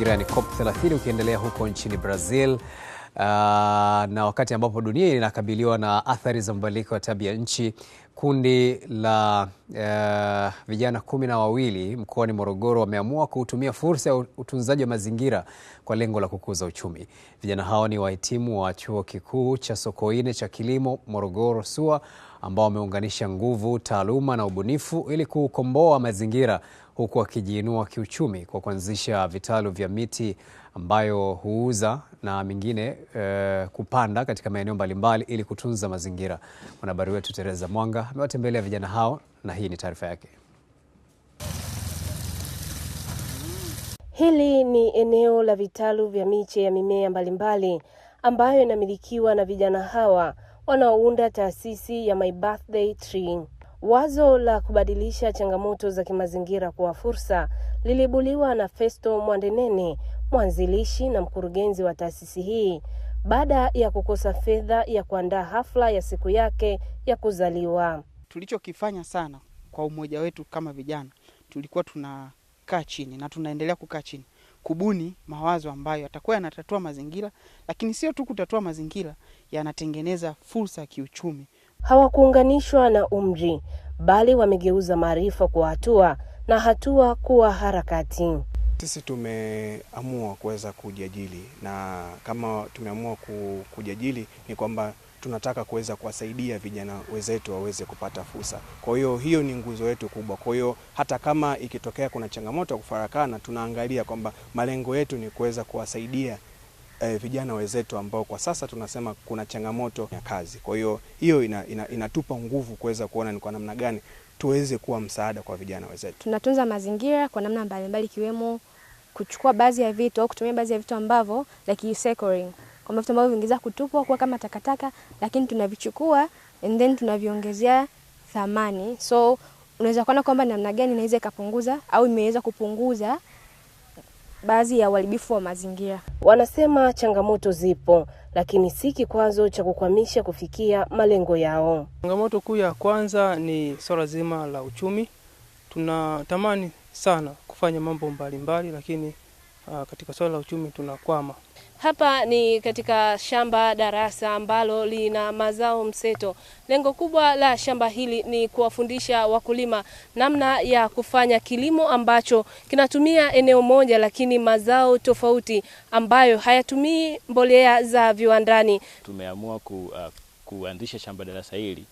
mazingira ni COP 30 ukiendelea huko nchini Brazil. Uh, na wakati ambapo dunia inakabiliwa na athari za mabadiliko ya tabia nchi, Kundi la uh, vijana kumi na wawili mkoani Morogoro wameamua kuutumia fursa ya utunzaji wa mazingira kwa lengo la kukuza uchumi. Vijana hao ni wahitimu wa Chuo Kikuu cha Sokoine cha Kilimo Morogoro SUA ambao wameunganisha nguvu, taaluma na ubunifu ili kukomboa mazingira huku wakijiinua kiuchumi kwa kuanzisha vitalu vya miti ambayo huuza na mingine uh, kupanda katika maeneo mbalimbali ili kutunza mazingira. Mwanahabari wetu Tereza Mwanga amewatembelea vijana hao na hii ni taarifa yake. Hili ni eneo la vitalu vya miche ya mimea mbalimbali ambayo inamilikiwa na vijana hawa wanaounda taasisi ya My Birthday Tree. Wazo la kubadilisha changamoto za kimazingira kuwa fursa lilibuliwa na Festo Mwandenene, mwanzilishi na mkurugenzi wa taasisi hii baada ya kukosa fedha ya kuandaa hafla ya siku yake ya kuzaliwa. Tulichokifanya sana kwa umoja wetu kama vijana, tulikuwa tunakaa chini na tunaendelea kukaa chini kubuni mawazo ambayo yatakuwa yanatatua mazingira, lakini sio tu kutatua mazingira, yanatengeneza fursa ya kiuchumi. Hawakuunganishwa na umri, bali wamegeuza maarifa kwa hatua na hatua kuwa harakati. Sisi tumeamua kuweza kujiajili na kama tumeamua kujiajili ni kwamba tunataka kuweza kuwasaidia vijana wenzetu waweze kupata fursa. Kwa hiyo hiyo ni nguzo yetu kubwa. Kwa hiyo hata kama ikitokea kuna changamoto ya kufarakana, tunaangalia kwamba malengo yetu ni kuweza kuwasaidia eh, vijana wenzetu ambao kwa sasa tunasema kuna changamoto ya kazi. Kwa hiyo hiyo ina, ina, inatupa nguvu kuweza kuona ni kwa namna gani tuweze kuwa msaada kwa vijana wenzetu. Tunatunza mazingira kwa namna mbalimbali ikiwemo kuchukua baadhi ya vitu au kutumia baadhi ya vitu ambavyo like recycling, kama vitu ambavyo vingeza kutupwa kuwa kama takataka, lakini tunavichukua and then tunaviongezea thamani. So unaweza kuona kwamba namna gani inaweza ikapunguza au imeweza kupunguza baadhi ya uharibifu wa mazingira. Wanasema changamoto zipo, lakini si kikwazo cha kukwamisha kufikia malengo yao. Changamoto kuu ya kwanza ni swala zima la uchumi. Tunatamani sana kufanya mambo mbalimbali mbali, lakini uh, katika swala la uchumi tunakwama. Hapa ni katika shamba darasa ambalo lina mazao mseto. Lengo kubwa la shamba hili ni kuwafundisha wakulima namna ya kufanya kilimo ambacho kinatumia eneo moja, lakini mazao tofauti ambayo hayatumii mbolea za viwandani. Tumeamua ku, uh, kuanzisha shamba darasa hili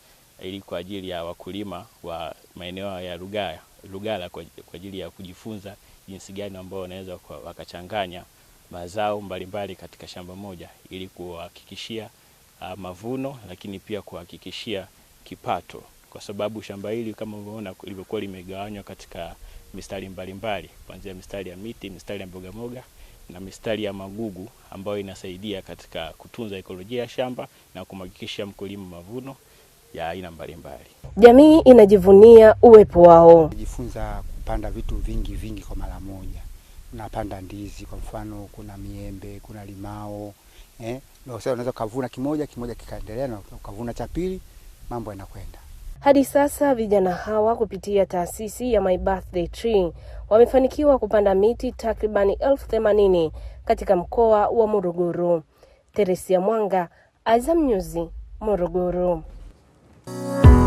ili kwa ajili ya wakulima wa maeneo ya Rugaya Lugala kwa ajili ya kujifunza jinsi gani ambao wanaweza wakachanganya mazao mbalimbali katika shamba moja ili kuhakikishia uh, mavuno lakini pia kuhakikishia kipato, kwa sababu shamba hili kama unavyoona lilivyokuwa limegawanywa katika mistari mbalimbali, kuanzia mistari ya miti, mistari ya mbogamboga na mistari ya magugu ambayo inasaidia katika kutunza ekolojia ya shamba na kumhakikishia mkulima mavuno ya aina mbalimbali. Jamii inajivunia uwepo wao. Jifunza kupanda vitu vingi vingi kwa mara moja, unapanda ndizi kwa mfano, kuna miembe, kuna limao eh, unaweza ukavuna kimoja kimoja kikaendelea na ukavuna cha pili, mambo yanakwenda. Hadi sasa vijana hawa kupitia taasisi ya My Birthday Tree wamefanikiwa kupanda miti takribani elfu themanini katika mkoa wa Morogoro. Teresia Mwanga, Azam News, Morogoro. Música